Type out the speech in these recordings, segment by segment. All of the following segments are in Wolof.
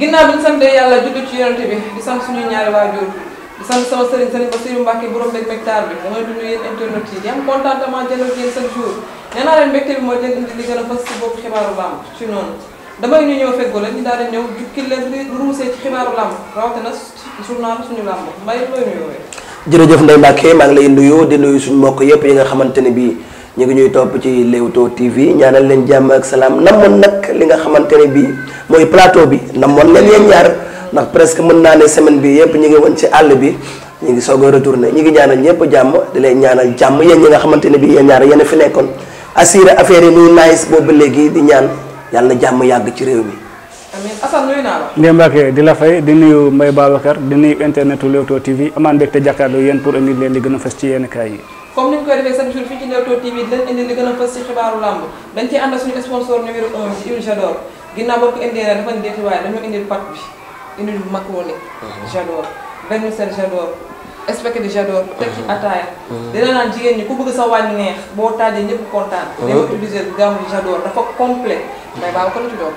ginnaaw bi ñu sante yàlla julli ci yonante bi di sant suñuy ñaari waajur di sant sama sëriñ sëriñ Bassirou Mbacke borom bi damay dund yéen internet yi di am contentement jëlal yéen chaque jour bi moo leen indi li gën a fës ci boobu xibaaru làmb ci noonu damay ñu ñëw feggoo la ñu daal di ñëw suñu làmb mbay jërëjëf Ndeye Mbacke maa ngi lay nuyu di nuyu suñ mbokk yépp yi nga xamante ne bii ñu ngi ñuy topp ci Leewtoo TV ñaanal leen jàmm ak salaam namoon nag li nga xamante ne bii mooy plateau bi na moon leen yéen ñaar ndax presque mën naa ne semaine bi yëpp ñu ngi woon ci àll bi ñu ngi soog a retourné ñu ngi a ñëpp jàmm di leen ñaanal jàmm yéen ñi nga xamante ne bi yéen ñaar yéen a fi nekkoon assuré affaire ba léegi di ñaan yàlla jàmm yàgg ci réew mi amiin Assane nuyu naa la. Ndeye di la fay di nuyu Mbaye Babacar di nuyu internetu Leewtoo TV amaan mbégte jàkkaarloo yéen pour indi leen di gën a fës ci yenn kaay yi a ginnaaw boo ko indee nag dafa indee waaye dañoo indil pâte bi indil macaroni. Mhm. j'adore vermicelle j'adore spaghetti j'adore. Mhm. teg ci ataaya. Mhm. dina jigéen ñi ku bëgg sa wàññi neex boo taajee ñëpp kontaan. dina utiliser gamme j'adore dafa complet mais baaw ko la ci doon.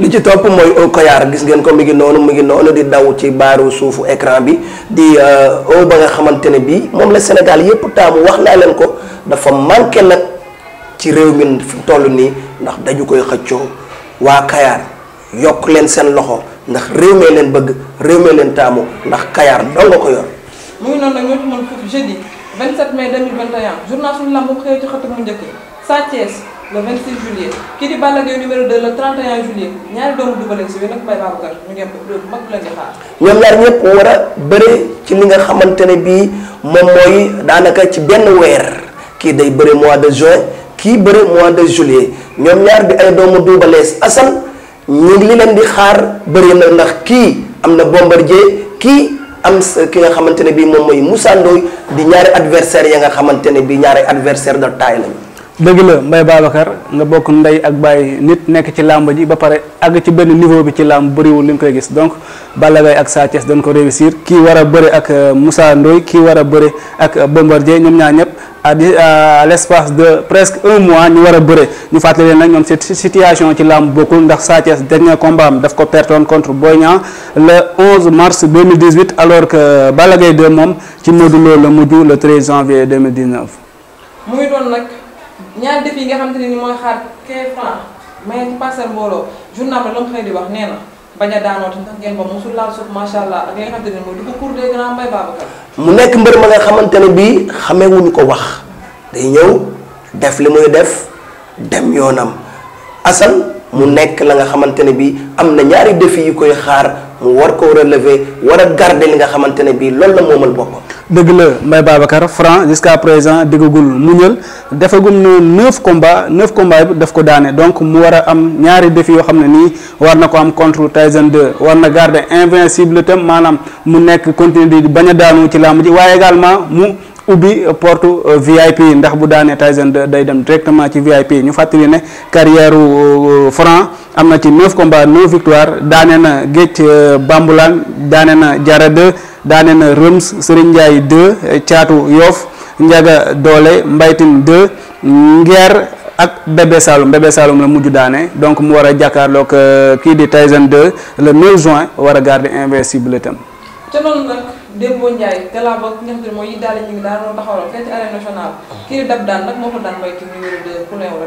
li ci topp mooy eau koyaar gis ngeen di daw ci baaru suufu écran bi di euh, eau ba nga xamante ne bii moom la Sénégal yëpp taamu wax naa leen ko dafa manqué nag ci réew mi fi mu toll nii ndax dañu koy xëccoo. waa Kayar yokk leen seen loxo ndax réew mee leen bëgg réew mee leen taamu ndax Kayar doo nga ko yor. mu ngi noonu nag ñoo ci mën foofu jeudi ci xëtu mu njëkk Sa Thiès le 26 kii di Balla Gaye numéro 2 le 31 juillet ñaari doomu dubale si wéy nag Mbaye Babacar ñu mag la ñu ñoom ñaar ñëpp war a bëre ci li nga xamante ne bii moom mooy daanaka ci benn weer kii day bëre mois de juin. kii bëre mois de juillet ñoom ñaar di ay doomu Double Less Assane ñu ngi li leen di xaar bëri na ndax kii am na Bombardier kii am ki nga xamante ne bii moom mooy Moussa Ndoye di ñaari adversaire ya nga xamante ne bii ñaari adversaire de taille lañu. dëgg la Mbaye Babacar nga bokk ndey ak bàyyi nit nekk ci làmb ji ba pare àgg ci benn niveau bi ci làmb bëriwul li nga koy gis donc Balla Gaye ak Sa Thiès dañ ko réussir kii war a bëre ak euh, Moussa Ndoye kii war a bëre ak euh, Bombardier ñoom ñaar ñëpp. a à l'espace de presque un mois ñu war a bëre ñu fàttali leen nag ñoom cette situation ci làmb bokkul ndax Sa Thiès dernier combat am daf ko pertoon contre Boy Niang le 11 dix 2018 alors que Balla de 2 moom ci Modou Lo la mujj le 13 janvier 2019. mu ngi doon nag ñaar def yi nga xamante ne ni mooy xaar Kefran may ci parcelle mbooloo journal la mu xëy di wax nee bañ a daanoo ndax ngeen allah ak li mu nekk mbër ma nga xamante ne bii xamee wuñu ko wax day ñëw def li muy def dem yoonam Assane mu nekk la nga xamante ne bii am na ñaari defi yu koy xaar mu war ko relever war a garder li nga xamante ne bii loolu la moomal boppam. dëgg la Mbaye Babacar Franc jusqu'à présent déggagul muñal defagum na neuf combats neuf combats yi daf ko daane donc mu war a am ñaari defi yoo xam ne nii war na ko am contre Tyson 2 war na garder invincible tam maanaam mu nekk continuer di bañ daanu ci làmb ji waaye également mu. ubbi porte VIP ndax bu daanee Tyson day dem directement ci VIP ñu fàttali ne carrière Franc am na ci 9 combats 9 victoires daane na Géej euh, Bambulaan daane na Jara 2 daane na Rems Serigne Ndiaye de Caatu yoof Njaga Doole Mbaytin 2 Ngeer ak Bébé Saloum Bébé Saloum la mujj daane donc mu war a jàkkaarloog euh, kii di Tyson 2 le 9 juin war a garder invincible itam. Demba Ndiaye Galaba ki nga xam ne mooy yi daal ñu ngi daan taxawal fekk ci arène nationale. Ah. kii dab daan nag moo ko daan may ci numéro 2 ku lay war a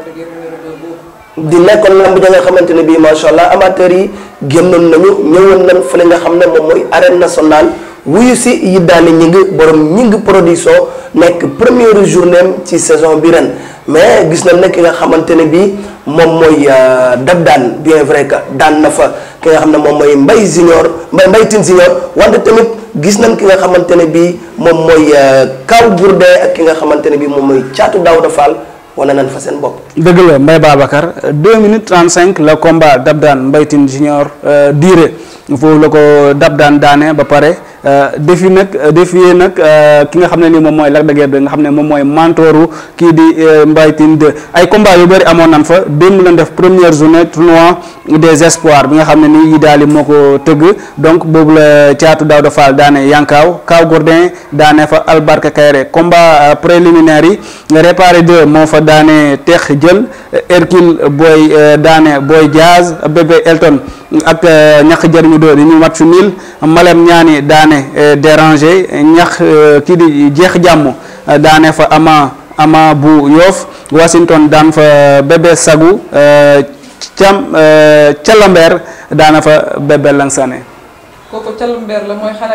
di nekkoon lamb ja nga xamante ne bii macha allah amateur yi génnoon nañu ñëwoon nañ fële nga xam ne moom mooy arène nationale wuyu si yi daal ñi ngi borom ñi ngi production nekk première journée ci saison bi ren. mais gis nañ ne ki nga xamante ne bii moom mooy euh, dab daan bien vrai que daan na fa ki nga xam ne moom mooy mbay Junior Mbaye Mbaye Tine Junior wante tamit gis nañ ki nga xamante ne bii moom mooy euh, Kaw Gourdé ak ki nga xamante ne bii moom mooy Caatu Daouda Fall wane nañ fa seen bopp. dëgg la Mbaye Babacar 2 minutes 35 le combat dab daan Mbaye Tine Junior euh, durée foofu la ko dab daan daane ba pare. Euh, defi nag euh, défier nag euh, ki nga xam ne ni moom mooy Lac de Guiers 2 nga xam ne moom mooy mentoru kii di Mbaye Tine 2 ay combat yu bëri amoon nañ fa démb lañ def première journée tournoi des espoirs bi nga xam ne nii yi daal moo ko tëgg donc boobu la caatu Daouda Fall daane Yankaaw Kaw Gourdin daane fa Albarka Kayre combat préliminaire yi réparé 2 moo fa daane Teex Jël Hercule Boy daane Boy Diaz bébé Elton ak euh, ñàkk jariñu dóor yi ñu match nul Malem ñaani daane euh, déranger ñax euh, kii di jeex jàmm daane fa ama ama bu yoof Washington daan fa bébé sagu cam calambeer daana fa bébé langsane kooku calambeer la mooy xale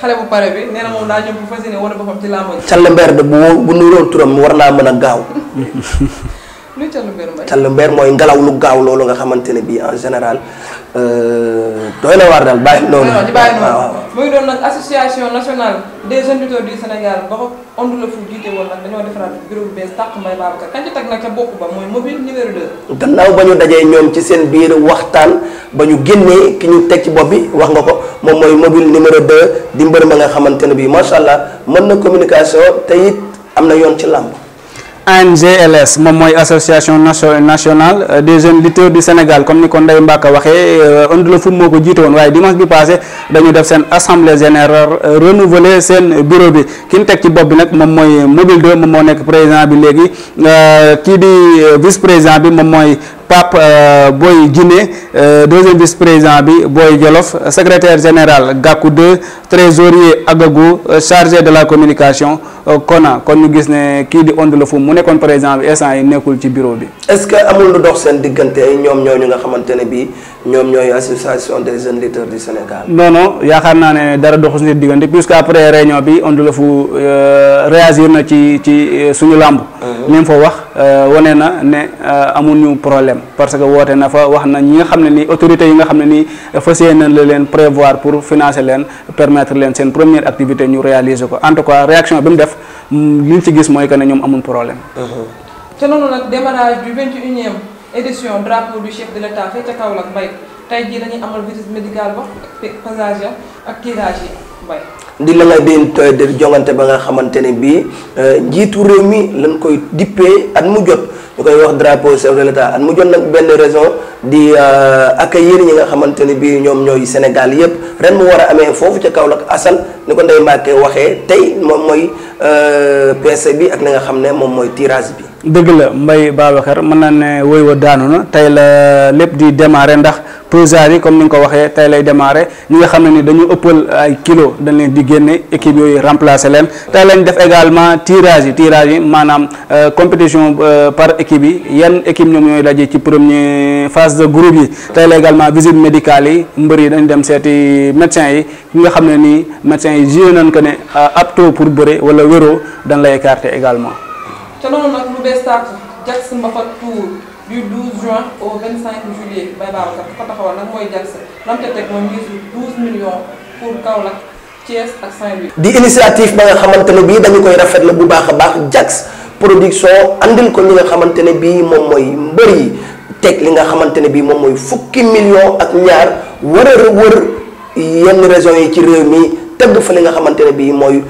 xale bu pare bi nee moom daa ñëw bu fas yéene wane boppam ci làmb ji calambeer de bu bu nuróo turam war naa mën a gaaw càll mbeer mooy ngelaw lu gaaw loolu nga xamante ne bii en général euh, doy na waar daal bàyyi noonu. ba mooy ñu dajee ñoom ci seen biir waxtaan ba ñu génnee ki ñu teg ci bopp bi wax nga ko moom mooy mobile numéro 2 di mbër nga xamante ne bii macha allah mën na communication teyit am na yoon ci làmb. ANGLS moom mooy association nationale des jeunes lutteurs du Sénégal comme ni ko Ndeye Mbaka waxee euh, Onde le Foot moo ko jiite woon waaye dimanche bi passé dañu def seen assemblée générale euh, renouveler seen bureau bi ki ñu teg ci bopp bi nag moom mooy mobile 2 moom moo nekk président bi léegi euh, kii di vice président bi moom mooy Pape euh, Boy Djiné euh, deuxième vice-président bi booy Jolof secretaire général Gakou 2 trésorier Agagou euh, chargé de la communication Kona kon ñu gis ne kii di la Lofoum mu nekkoon président bi instant yi nekkul ci bureau bi. est-ce que amul lu dox seen diggante ñoom ñooñu nga xamante ne bii ñoom ñooy association des jeunes leaders du Sénégal. non yaakaar naa ne dara doxu suñu diggante puisque après réunion bi Ondou Lofoum réagir na ci ci suñu làmb. li mu fa wax. Euh, wane na ne euh, amuñu problème parce que woote na fa wax na ñi nga xam ne nii autorités yi nga xam ne nii fas yéene la leen prévoir pour financer leen permettre leen seen première activité ñu réaliser ko en tout cas réaction bi mu def mm, liñ ci gis mooy que ne ñoom amuñ problème. ca mhm. noonu nag démarrage du 21e édition drapeau du chef de l'État fee ca Kaolack Mbaye tey jii dañuy amal visite médicale ba passage ak tirage yi Mbaye di la nga euh, déen jongante ba nga xamante ne bii euh, njiitu réew mi lañ koy dippee at mu jot ñu koy wax drapeau chef at mu jot nag benn raison di euh, accueillir ñi nga xamante ne bii ñoom ñooy Sénégal yépp ren mu war a amee foofu ca Kaolack Assane ni ko Ndeye Mbacke waxee tey moom mooy Euh, PC bi ak li nga xam ne moom mooy tirage bi. dëgg la Mbaye Babacar mën naa ne woy wa daanu na tey la lépp di démarrer ndax pesage yi comme ni nga ko waxee tey lay démarrer ñi nga xam ne ni dañu ëppal ay kilo dañ di génne équipe yooyu remplacer leen tey lañ def également tirage yi tirage yi maanaam euh, compétition euh, par équipe yi yan équipe ñoom ñooy daje ci premier phase de groupe yi tey la également visite médicale yi mbër yi dañ dem seeti médecin yi ñi nga xam ne nii médecin yi wéroo dañ lay écarter également. ca loolu nag lu bees tàq Jaks Mbaphat Tour du 12 juin au 25 juillet bay Babacar ku ko nag mooy Jaks lam teg moom ngisu 12 millions pour Kaolack. di initiative ba nga xamante ne bii dañu koy rafetlu bu baax a baax Jaks production andil ko li nga xamante ne bii moom mooy mbër yi teg li nga xamante ne bii moom mooy fukki million ak ñaar wër a wër yenn régions yi ci réew mi tëgg fa li nga xamante ne bii mooy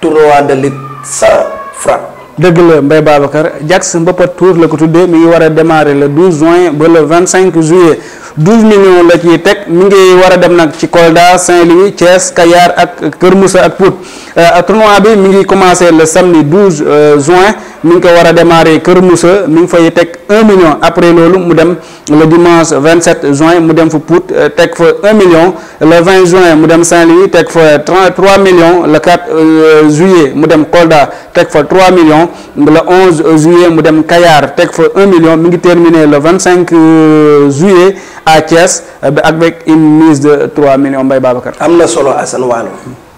tournoi de lutte sa frappe. dëgg la Mbaye Babacar Jax mbëppat tour la ko tuddee mi ngi war a démarrer le 12 juin ba le cinq juillet. douze millions la ciy teg mi ngi war a dem nag ci Kolda Saint-Louis Thiès kayaar ak Kër Moussa ak Pout euh, tournoi bi mi ngi commencé le samedi 12 euh, juin mi ngi ko war a démarrer Kër Moussa mi ngi fay teg 1 million après loolu mu dem le dimanche 27 juin mu dem fa Pout euh, teg fa 1 million le juin mu dem Saint-Louis teg fa 3 million le 4 juillet mu dem Kolda teg fa 3 million le 11 juillet mu dem Kayar teg fa 1 mi ngi terminer le 25 juillet. à Thiès euh, avec une mise de 3 millions Mbaye Babacar. am na solo Assane Waalo.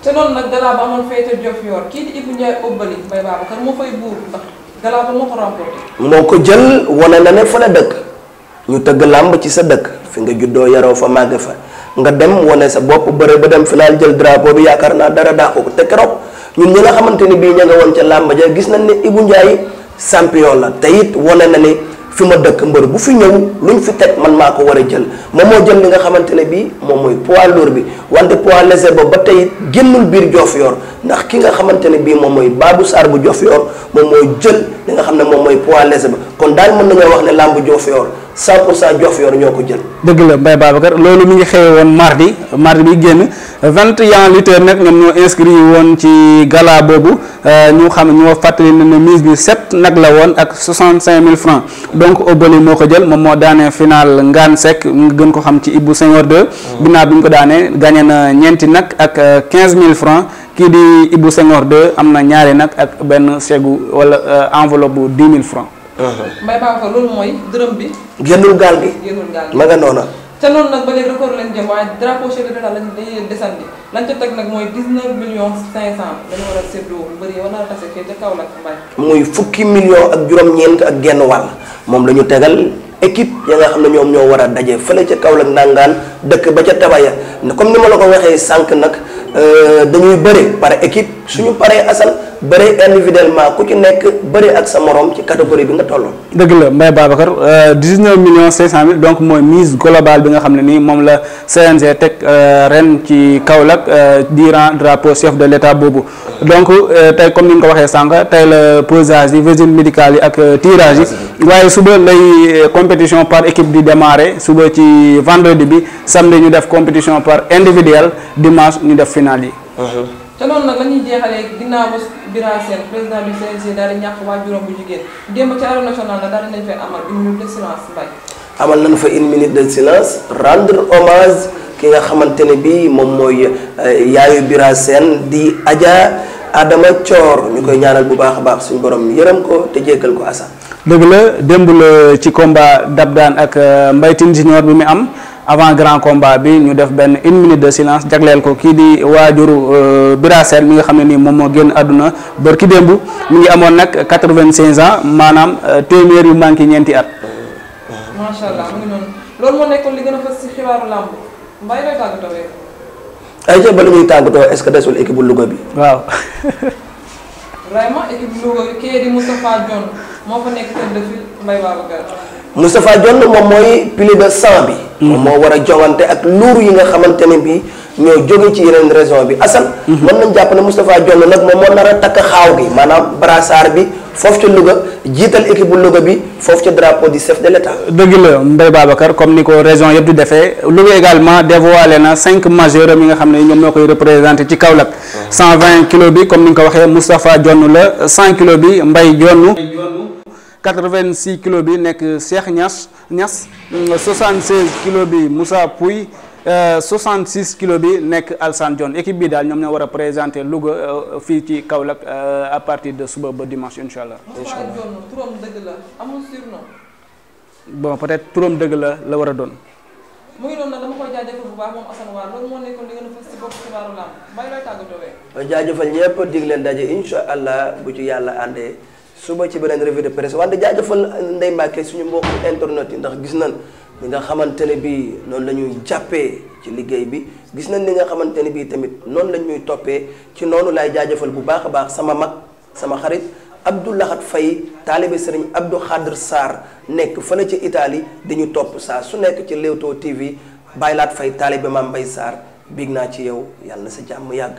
te noonu nag galaaba amoon féete Diofior buur moo ko jël wane na ne fa la dëkk ñu tëgg làmb ci sa dëkk fi nga juddoo yaroo fa màgg fa nga dem wane sa bopp bëre ba dem final jël drapeau bi yaakaar naa dara daaxu ko te keroog ñun ñi nga xamante ni bii ña nga woon ca làmb ja gis nañ ne Ibou Ndiaye champion la te it wane na fi ma dëkk mbër bu fi ñëw luñ fi teg man maa ko war a jël moom moo jël li nga xamante ne bii moom mooy poids lourd bi wante poids lese ba ba tey génnul biir Diofior ndax ki nga xamante ne bii moom mooy baabu saar bu Diofior moom mooy jël li nga xam ne moom mooy poids léger ba kon daal mën na nañoo wax ne làmb Diofior 100 pour cent Diofior ñoo ko jël. dëgg la Mbaye Babacar loolu mu ngi xewe woon mardi mardi bi génn vingt et un lutteurs nag ñoom ñoo inscrit woon ci gala boobu euh, ñu xam ñoo fàttali ne ne mise bi sept nag la woon ak 65000 francs donc Obali moo ko jël moom moo daanee final Ngaan Seck nga gën ko xam ci Ibou Senghor 2. Hmm. ginnaaw bi ñu ko daanee gagné na ñeenti nag ak 15000 euh, francs kii di Ibou Senghor de am na ñaari nag ak benn ségu wala euh, enveloppe bu 10 000 Uh-huh. mbay baa ko loolu mooy dërëm bi. yënul gaal gi yënul gaal te noonu nag ba leen desandi lañ war a séddoo lu fukki million ak juróom-ñeent ak genn wàll moom la ñu tegal équipe ya nga xam ne ñoom ñoo war a daje fële ca Kaolack ndàngaan dëkk ba ca Tabaya comme ni ma la ko waxee sànq nag euh, dañuy bëre par équipe suñu paree asal. bëri individuellement ku ci nekk bëri ak sa morom ci catégorie bi nga tolloon. dëgg la Mbaye Babacar 19 euh, millions 500 mille donc mooy mise globale bi nga xam ne nii moom la CNG teg euh, ren ci Kaolack euh, durant drapeau chef de l' état boobu donc tey comme ni nga ko waxee sànq tey la pesage yi visite médical yi ak tiirage yi waaye suba lay compétition par équipe di démarrer suba ci vendredi bi samedi ñu def compétition par individuel dimanche ñu def finale te noonu nag la ñuy jeexalee ginnaaw ba président du CNG daal di ñàkk waajuram bu jigéen démb ci arène nationale la fa une minute de silence rendre hommage ki nga xamante ne bii moom mooy euh, yaayu Bira di Adja Adama Thior ñu koy ñaanal bu baax a baax suñ borom yërëm ko te jéggal ko asa dëgg la démb la ci komba dab daan ak euh, mbaytin junior bi mu am avant grand combat bi ñu def benn une minute de silence jagleel ko kii di waajuru euh, Bira Sène mi nga xam ne nii moom moo génn àdduna bër ki démb mi ngi amoon nag quatre-vingt-cinq ans maanaam euh, téeméer yu manqué ñeenti at. macha allah mu ngi noonu loolu moo nekkoon li gën a fës ci xibaaru làmb mbay lay tàggatoo ay ca ba li bu Louga bi waaw. vraiment moom mooy pilier de 100 bi. moom mm-hmm. moo war a jongante ak luur yi nga xamante ne bi ñoo jóge ci yeneen raison bi Assane mm-hmm. mën nañ jàpp ne Moustapha nag moom moo nar a takk xaaw bi maanaam brassard bi foofu ca Louga jiital équipe bu Louga bi foofu ca drapeau du chef de l'État dëgg la Mbaye Babacar comme ni ko raison yëpp di defee Louga également dévoilé na cinq majeurs yi nga xam ne ñoom ñoo koy représenté ci Kaolack mm-hmm. cent vingt kilos bi comme ni nga ko waxee Moustapha Dione la cent bi Mbaye Dione vingt 86 kilos bi nekk Cheikh ñas Niass 76 euh, kilos bi Moussa Pouy 66 euh, kilos bi nekk Alsane Dione équipe bi daal ñoom ñoo war a présenter Louga euh, fii ci Kaolack à partir de suba ba dimanche incha allah. incha allah turam dëgg la amul surnom. peut-être turam dëgg la la war a doon. mu ngi doon nag bu ci bopp xibaaru lamb allah bu ci yàlla àndee. suba ci beneen revue de presse wante jaajëfal Ndeye Mbacke suñu mbokku internet yi ndax gis na li nga xamante ne bii noonu la ñuy jàppee ci liggéey bi gis nañ li nga xamante ne bii tamit noonu la ñuy toppee ci noonu laay jaajëfal bu baax a baax sama mag sama xarit Abdou Lahat Faye taalibe Serigne Abdou Khadr Sarr nekk fële ca Italie dañu topp saa su nekk ci Leewtoo TV Baylaat Faye taalibe Mame Mbaye Sarr bég naa ci yow yàlla na sa jàmm yàgg.